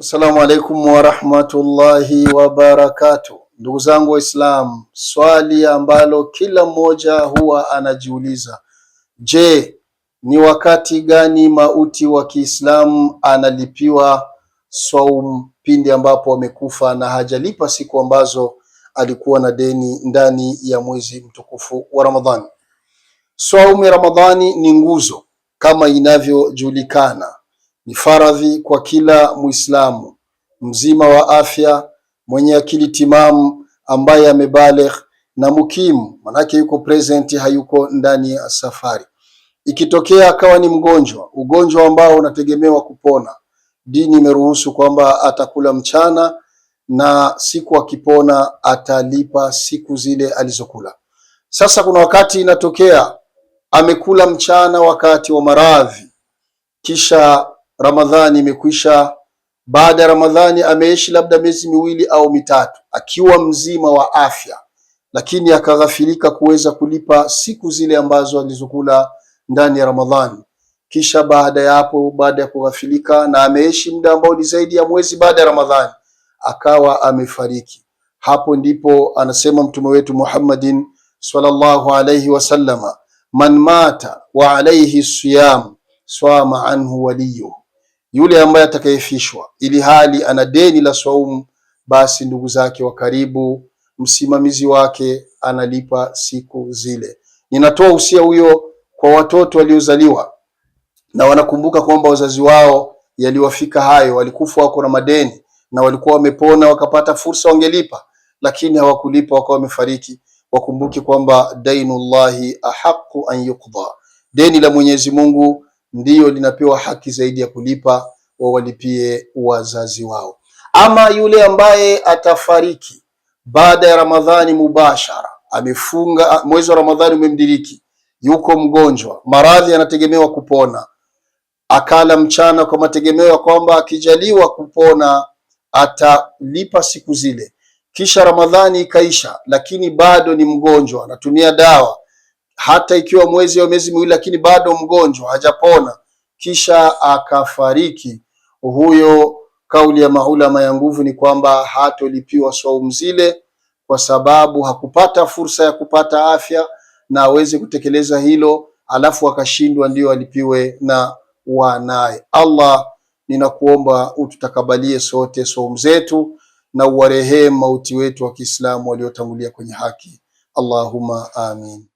Assalamu alaikum warahmatullahi wabarakatu. Ndugu zangu Waislamu, swali ambalo kila mmoja huwa anajiuliza, je, ni wakati gani mauti wa Kiislamu analipiwa saumu pindi ambapo amekufa na hajalipa siku ambazo alikuwa na deni ndani ya mwezi mtukufu wa Ramadhani? Saumu ya Ramadhani ni nguzo kama inavyojulikana ni faradhi kwa kila Muislamu mzima wa afya mwenye akili timamu ambaye amebaligh na mukimu, manake yuko present, hayuko ndani ya safari. Ikitokea akawa ni mgonjwa, ugonjwa ambao unategemewa kupona, dini imeruhusu kwamba atakula mchana na siku akipona atalipa siku zile alizokula. Sasa kuna wakati inatokea amekula mchana wakati wa maradhi, kisha Ramadhani imekwisha. Baada ya Ramadhani ameishi labda miezi miwili au mitatu akiwa mzima wa afya, lakini akaghafilika kuweza kulipa siku zile ambazo alizokula ndani ya Ramadhani. Kisha baada ya hapo, baada ya kughafilika, na ameishi muda ambao ni zaidi ya mwezi baada ya Ramadhani, akawa amefariki. Hapo ndipo anasema mtume wetu Muhammadin sallallahu alayhi wasallama, man mata wa alayhi siyam swama anhu waliyuh yule ambaye atakayefishwa ili hali ana deni la swaumu, basi ndugu zake wa karibu, msimamizi wake analipa siku zile. Ninatoa usia huyo kwa watoto waliozaliwa na wanakumbuka kwamba wazazi wao yaliwafika hayo, walikufa wako na madeni, na walikuwa wamepona wakapata fursa, wangelipa lakini hawakulipa, wakawa wamefariki. Wakumbuke kwamba dainullahi ahaqu an yuqda, deni la Mwenyezi Mungu ndiyo linapewa haki zaidi ya kulipa, wawalipie wazazi wao. Ama yule ambaye atafariki baada ya Ramadhani mubashara, amefunga mwezi wa Ramadhani umemdiriki, yuko mgonjwa, maradhi anategemewa kupona, akala mchana kwa mategemeo ya kwamba akijaliwa kupona atalipa siku zile, kisha Ramadhani ikaisha, lakini bado ni mgonjwa, anatumia dawa hata ikiwa mwezi au miezi miwili, lakini bado mgonjwa hajapona, kisha akafariki, huyo kauli ya maulama ya nguvu ni kwamba hatolipiwa saumu zile, kwa sababu hakupata fursa ya kupata afya na aweze kutekeleza hilo, alafu akashindwa, ndiyo alipiwe na wanaye. Allah, ninakuomba ututakabalie sote saumu zetu na uwarehemu mauti wetu wa Kiislamu waliotangulia kwenye haki. Allahumma amin.